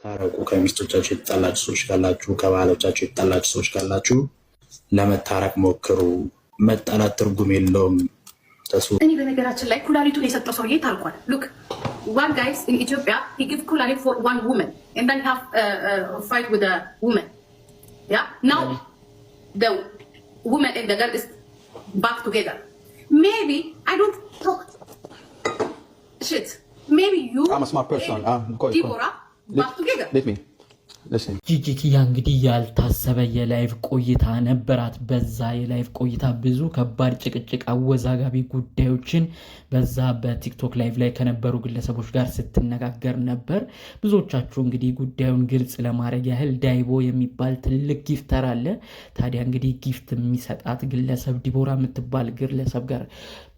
ታረቁ። ከሚስቶቻችሁ የተጣላችሁ ሰዎች ካላችሁ፣ ከባሎቻችሁ የተጣላችሁ ሰዎች ካላችሁ ለመታረቅ ሞክሩ። መጣላት ትርጉም የለውም። እኔ በነገራችን ላይ ኩላሊቱን የሰጠው ሰውዬ ታልቋል። ሉክ ዋን ጋይስ ኢን ኢትዮጵያ ሂ ጊቭ ኩላሊት ፎር ዋን ውመን ኤንድ ሀ ፋይት ዊዝ ውመን ያ ናው ደ ውመን ኤንድ ገርል ኢስ ባክ ቱጌዘር ሜቢ አይ ዶንት ቶክ ሽት ሜቢ ዩ ዲቦራ Let, let me. ጂጂ እንግዲህ ያልታሰበ የላይቭ ቆይታ ነበራት። በዛ የላይቭ ቆይታ ብዙ ከባድ ጭቅጭቅ፣ አወዛጋቢ ጉዳዮችን በዛ በቲክቶክ ላይቭ ላይ ከነበሩ ግለሰቦች ጋር ስትነጋገር ነበር። ብዙዎቻችሁ እንግዲህ ጉዳዩን ግልጽ ለማድረግ ያህል ዳይቦ የሚባል ትልቅ ጊፍተር አለ። ታዲያ እንግዲህ ጊፍት የሚሰጣት ግለሰብ ዲቦራ የምትባል ግለሰብ ጋር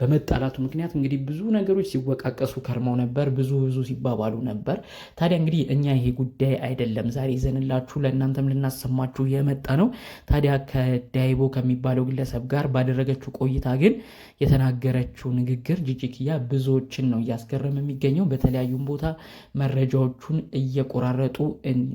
በመጣላቱ ምክንያት እንግዲህ ብዙ ነገሮች ሲወቃቀሱ ከርመው ነበር። ብዙ ብዙ ሲባባሉ ነበር። ታዲያ እንግዲህ እኛ ይሄ ጉዳይ አይደለም ዛሬ ይዘንላችሁ ለእናንተም ልናሰማችሁ የመጣ ነው። ታዲያ ከዳይቦ ከሚባለው ግለሰብ ጋር ባደረገችው ቆይታ ግን የተናገረችው ንግግር ጂጂኪያ ብዙዎችን ነው እያስገረመ የሚገኘው። በተለያዩም ቦታ መረጃዎቹን እየቆራረጡ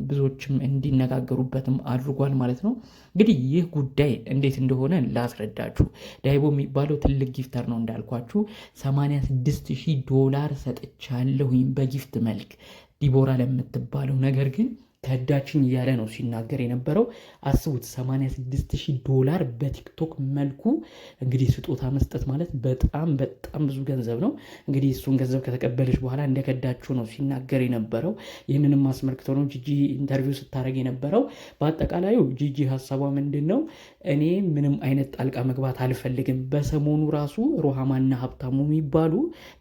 ብዙዎችም እንዲነጋገሩበትም አድርጓል ማለት ነው። እንግዲህ ይህ ጉዳይ እንዴት እንደሆነ ላስረዳችሁ። ዳይቦ የሚባለው ትልቅ ጊፍተር ነው እንዳልኳችሁ 86 ዶላር ሰጥቻለሁኝ በጊፍት መልክ ዲቦራ ለምትባለው ነገር ግን ከዳችን እያለ ነው ሲናገር የነበረው። አስቡት 86000 ዶላር በቲክቶክ መልኩ እንግዲህ ስጦታ መስጠት ማለት በጣም በጣም ብዙ ገንዘብ ነው። እንግዲህ እሱን ገንዘብ ከተቀበለች በኋላ እንደከዳችሁ ነው ሲናገር የነበረው። ይህንንም አስመልክቶ ነው ጂጂ ኢንተርቪው ስታደርግ የነበረው። በአጠቃላዩ ጂጂ ሀሳቧ ምንድን ነው? እኔ ምንም አይነት ጣልቃ መግባት አልፈልግም። በሰሞኑ ራሱ ሩሃማና ሀብታሙ የሚባሉ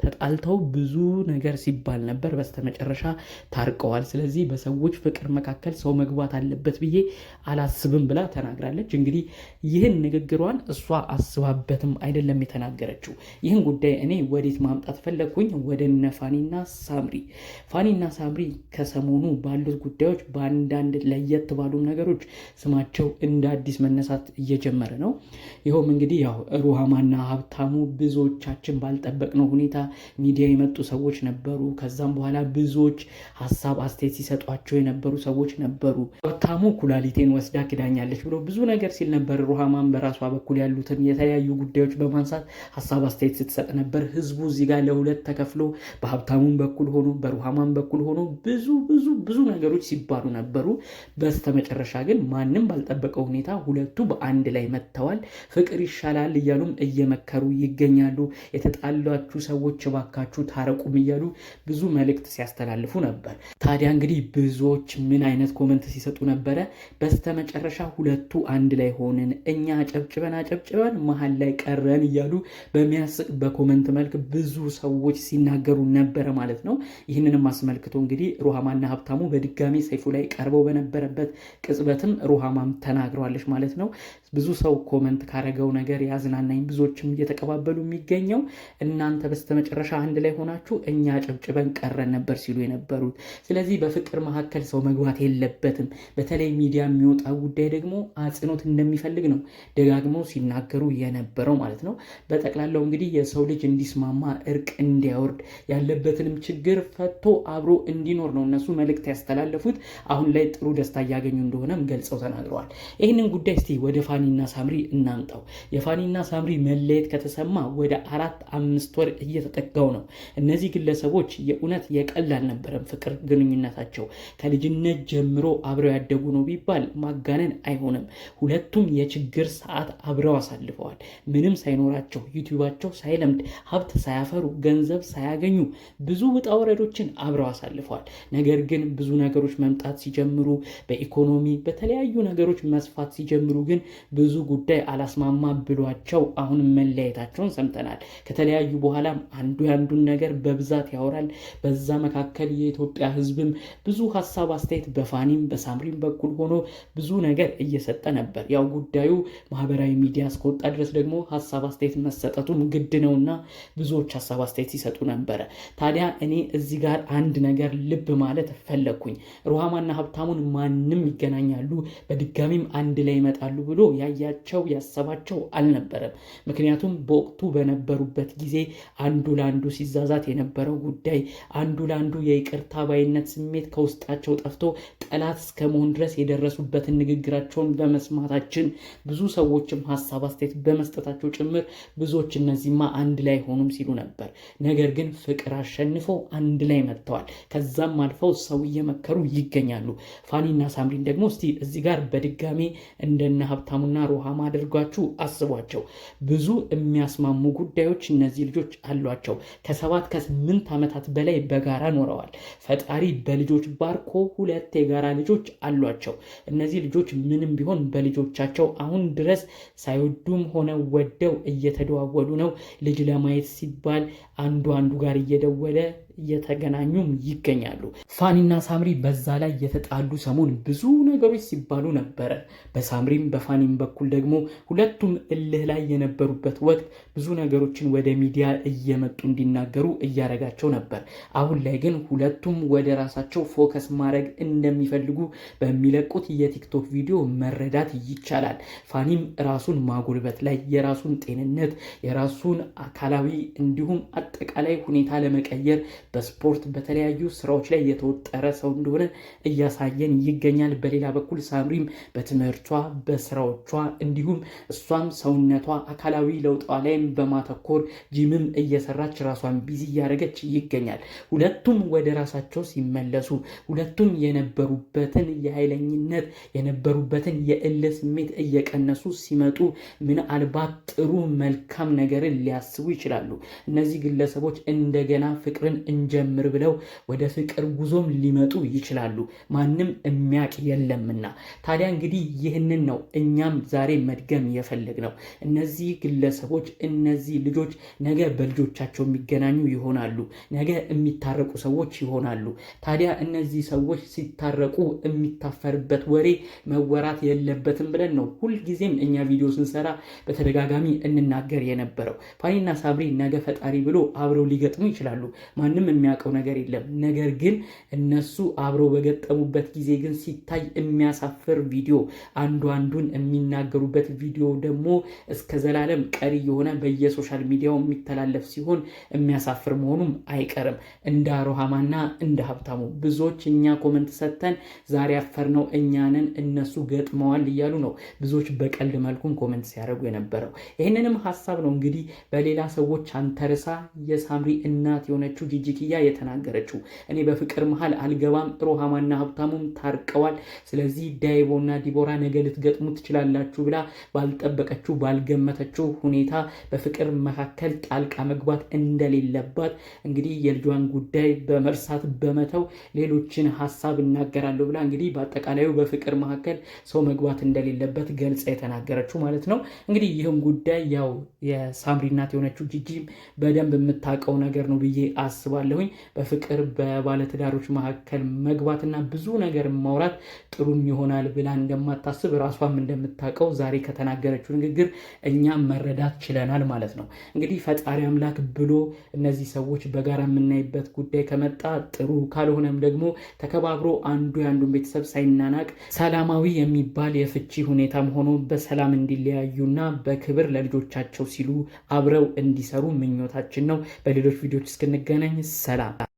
ተጣልተው ብዙ ነገር ሲባል ነበር። በስተመጨረሻ ታርቀዋል። ስለዚህ በሰዎች ፍቅር መካከል ሰው መግባት አለበት ብዬ አላስብም ብላ ተናግራለች። እንግዲህ ይህን ንግግሯን እሷ አስባበትም አይደለም የተናገረችው። ይህን ጉዳይ እኔ ወዴት ማምጣት ፈለግኩኝ? ወደ እነ ፋኒና ሳምሪ። ፋኒና ሳምሪ ከሰሞኑ ባሉት ጉዳዮች በአንዳንድ ለየት ባሉ ነገሮች ስማቸው እንደ አዲስ መነሳት እየጀመረ ነው። ይኸውም እንግዲህ ያው ሩሃማና ሀብታሙ ብዙዎቻችን ባልጠበቅነው ሁኔታ ሚዲያ የመጡ ሰዎች ነበሩ። ከዛም በኋላ ብዙዎች ሀሳብ አስተያየት ሲሰጧቸው የነበሩ ሰዎች ነበሩ። ሀብታሙ ኩላሊቴን ወስዳ ክዳኛለች ብሎ ብዙ ነገር ሲል ነበር። ሩሃማን በራሷ በኩል ያሉትን የተለያዩ ጉዳዮች በማንሳት ሀሳብ አስተያየት ስትሰጥ ነበር። ህዝቡ እዚህ ጋር ለሁለት ተከፍሎ በሀብታሙን በኩል ሆኖ በሩሃማን በኩል ሆኖ ብዙ ብዙ ብዙ ነገሮች ሲባሉ ነበሩ። በስተመጨረሻ ግን ማንም ባልጠበቀው ሁኔታ ሁለቱ በአንድ ላይ መጥተዋል። ፍቅር ይሻላል እያሉም እየመከሩ ይገኛሉ። የተጣላችሁ ሰዎች ባካችሁ ታረቁም እያሉ ብዙ መልእክት ሲያስተላልፉ ነበር። ታዲያ እንግዲህ ብዙዎች ምን አይነት ኮመንት ሲሰጡ ነበረ። በስተመጨረሻ ሁለቱ አንድ ላይ ሆንን፣ እኛ አጨብጭበን አጨብጭበን መሀል ላይ ቀረን እያሉ በሚያስቅ በኮመንት መልክ ብዙ ሰዎች ሲናገሩ ነበረ ማለት ነው። ይህንንም አስመልክቶ እንግዲህ ሩሃማና ሀብታሙ በድጋሚ ሰይፉ ላይ ቀርበው በነበረበት ቅጽበትም ሩሃማም ተናግረዋለች ማለት ነው። ብዙ ሰው ኮመንት ካረገው ነገር ያዝናናኝ፣ ብዙዎችም እየተቀባበሉ የሚገኘው እናንተ በስተመጨረሻ አንድ ላይ ሆናችሁ እኛ አጨብጭበን ቀረን ነበር ሲሉ የነበሩት። ስለዚህ በፍቅር መካከል ሰው መግባት የለበትም። በተለይ ሚዲያ የሚወጣው ጉዳይ ደግሞ አጽንኦት እንደሚፈልግ ነው ደጋግሞ ሲናገሩ የነበረው ማለት ነው። በጠቅላላው እንግዲህ የሰው ልጅ እንዲስማማ፣ እርቅ እንዲያወርድ፣ ያለበትንም ችግር ፈቶ አብሮ እንዲኖር ነው እነሱ መልእክት ያስተላለፉት። አሁን ላይ ጥሩ ደስታ እያገኙ እንደሆነም ገልጸው ተናግረዋል። ይህንን ጉዳይ እስቲ ወደ ፋኒና ሳምሪ እናምጣው። የፋኒና ሳምሪ መለየት ከተሰማ ወደ አራት አምስት ወር እየተጠጋው ነው። እነዚህ ግለሰቦች የእውነት የቀላል ነበረም ፍቅር ግንኙነታቸው ከልጅነ ከልጅነት ጀምሮ አብረው ያደጉ ነው ቢባል ማጋነን አይሆንም። ሁለቱም የችግር ሰዓት አብረው አሳልፈዋል። ምንም ሳይኖራቸው ዩቲዩባቸው ሳይለምድ ሀብት ሳያፈሩ ገንዘብ ሳያገኙ ብዙ ውጣ ወረዶችን አብረው አሳልፈዋል። ነገር ግን ብዙ ነገሮች መምጣት ሲጀምሩ በኢኮኖሚ በተለያዩ ነገሮች መስፋት ሲጀምሩ ግን ብዙ ጉዳይ አላስማማ ብሏቸው አሁን መለያየታቸውን ሰምተናል። ከተለያዩ በኋላም አንዱ ያንዱን ነገር በብዛት ያወራል። በዛ መካከል የኢትዮጵያ ሕዝብም ብዙ ሀሳብ አስተ አስተያየት በፋኒም በሳምሪም በኩል ሆኖ ብዙ ነገር እየሰጠ ነበር። ያው ጉዳዩ ማህበራዊ ሚዲያ እስከወጣ ድረስ ደግሞ ሀሳብ አስተያየት መሰጠቱም ግድ ነውና ብዙዎች ሀሳብ አስተያየት ሲሰጡ ነበረ። ታዲያ እኔ እዚህ ጋር አንድ ነገር ልብ ማለት ፈለግኩኝ። ሩሃማና ሀብታሙን ማንም ይገናኛሉ፣ በድጋሚም አንድ ላይ ይመጣሉ ብሎ ያያቸው ያሰባቸው አልነበረም። ምክንያቱም በወቅቱ በነበሩበት ጊዜ አንዱ ለአንዱ ሲዛዛት የነበረው ጉዳይ አንዱ ለአንዱ የይቅርታ ባይነት ስሜት ከውስጣቸው ጠፍቶ ጠላት እስከ መሆን ድረስ የደረሱበትን ንግግራቸውን በመስማታችን ብዙ ሰዎችም ሀሳብ አስተያየት በመስጠታቸው ጭምር ብዙዎች እነዚህማ አንድ ላይ ሆኑም ሲሉ ነበር። ነገር ግን ፍቅር አሸንፈው አንድ ላይ መጥተዋል። ከዛም አልፈው ሰው እየመከሩ ይገኛሉ። ፋኒና ሳምሪን ደግሞ እስቲ እዚህ ጋር በድጋሚ እንደነ ሀብታሙና ሩሃማ አድርጓችሁ አስቧቸው። ብዙ የሚያስማሙ ጉዳዮች እነዚህ ልጆች አሏቸው። ከሰባት ከስምንት ዓመታት በላይ በጋራ ኖረዋል። ፈጣሪ በልጆች ባርኮ ሁለ ሁለት የጋራ ልጆች አሏቸው። እነዚህ ልጆች ምንም ቢሆን በልጆቻቸው አሁን ድረስ ሳይወዱም ሆነ ወደው እየተደዋወሉ ነው። ልጅ ለማየት ሲባል አንዱ አንዱ ጋር እየደወለ እየተገናኙም ይገኛሉ። ፋኒና ሳምሪ በዛ ላይ የተጣሉ ሰሞን ብዙ ነገሮች ሲባሉ ነበረ። በሳምሪም በፋኒም በኩል ደግሞ ሁለቱም እልህ ላይ የነበሩበት ወቅት ብዙ ነገሮችን ወደ ሚዲያ እየመጡ እንዲናገሩ እያደረጋቸው ነበር። አሁን ላይ ግን ሁለቱም ወደ ራሳቸው ፎከስ ማድረግ እንደሚፈልጉ በሚለቁት የቲክቶክ ቪዲዮ መረዳት ይቻላል። ፋኒም ራሱን ማጎልበት ላይ የራሱን ጤንነት የራሱን አካላዊ እንዲሁም አጠቃላይ ሁኔታ ለመቀየር በስፖርት በተለያዩ ስራዎች ላይ የተወጠረ ሰው እንደሆነ እያሳየን ይገኛል። በሌላ በኩል ሳምሪም በትምህርቷ በስራዎቿ እንዲሁም እሷም ሰውነቷ አካላዊ ለውጧ ላይም በማተኮር ጂምም እየሰራች ራሷን ቢዚ እያደረገች ይገኛል። ሁለቱም ወደ ራሳቸው ሲመለሱ ሁለቱም የነበሩበትን የኃይለኝነት የነበሩበትን የእለ ስሜት እየቀነሱ ሲመጡ ምናልባት ጥሩ መልካም ነገርን ሊያስቡ ይችላሉ። እነዚህ ግለሰቦች እንደገና ፍቅርን እንጀምር ብለው ወደ ፍቅር ጉዞም ሊመጡ ይችላሉ። ማንም የሚያቅ የለምና። ታዲያ እንግዲህ ይህንን ነው እኛም ዛሬ መድገም የፈለግ ነው። እነዚህ ግለሰቦች እነዚህ ልጆች ነገ በልጆቻቸው የሚገናኙ ይሆናሉ። ነገ የሚታረቁ ሰዎች ይሆናሉ። ታዲያ እነዚህ ሰዎች ሲታረቁ የሚታፈርበት ወሬ መወራት የለበትም ብለን ነው ሁልጊዜም እኛ ቪዲዮ ስንሰራ በተደጋጋሚ እንናገር የነበረው። ፋኒና ሳብሪ ነገ ፈጣሪ ብሎ አብረው ሊገጥሙ ይችላሉ። ማንም የሚያውቀው ነገር የለም። ነገር ግን እነሱ አብረው በገጠሙበት ጊዜ ግን ሲታይ የሚያሳፍር ቪዲዮ፣ አንዱ አንዱን የሚናገሩበት ቪዲዮ ደግሞ እስከ ዘላለም ቀሪ የሆነ በየሶሻል ሚዲያው የሚተላለፍ ሲሆን የሚያሳፍር መሆኑም አይቀርም። እንደ አሮሃማና እንደ ሀብታሙ ብዙዎች እኛ ኮመንት ሰጥተን ዛሬ አፈር ነው እኛንን እነሱ ገጥመዋል እያሉ ነው ብዙዎች በቀልድ መልኩም ኮመንት ሲያደርጉ የነበረው። ይህንንም ሀሳብ ነው እንግዲህ በሌላ ሰዎች አንተርሳ የሳምሪ እናት የሆነችው ጂጂኪ ሩኪያ የተናገረችው። እኔ በፍቅር መሃል አልገባም። ሮሃማና ሀብታሙም ታርቀዋል። ስለዚህ ዳይቦና ዲቦራ ነገ ልትገጥሙ ትችላላችሁ ብላ ባልጠበቀችው ባልገመተችው ሁኔታ በፍቅር መካከል ጣልቃ መግባት እንደሌለባት እንግዲህ የልጇን ጉዳይ በመርሳት በመተው ሌሎችን ሀሳብ እናገራለሁ ብላ እንግዲህ በአጠቃላዩ በፍቅር መካከል ሰው መግባት እንደሌለበት ገልጻ የተናገረችው ማለት ነው። እንግዲህ ይህም ጉዳይ ያው የሳምሪ እናት የሆነችው ጂጂ በደንብ የምታውቀው ነገር ነው ብዬ አስባለሁ። አምናለሁኝ። በፍቅር በባለትዳሮች መካከል መግባትና ብዙ ነገር ማውራት ጥሩም ይሆናል ብላ እንደማታስብ ራሷም እንደምታውቀው ዛሬ ከተናገረችው ንግግር እኛ መረዳት ችለናል ማለት ነው። እንግዲህ ፈጣሪ አምላክ ብሎ እነዚህ ሰዎች በጋራ የምናይበት ጉዳይ ከመጣ ጥሩ፣ ካልሆነም ደግሞ ተከባብሮ አንዱ የአንዱን ቤተሰብ ሳይናናቅ ሰላማዊ የሚባል የፍቺ ሁኔታም ሆኖ በሰላም እንዲለያዩና በክብር ለልጆቻቸው ሲሉ አብረው እንዲሰሩ ምኞታችን ነው። በሌሎች ቪዲዮዎች እስክንገናኝ ሰላም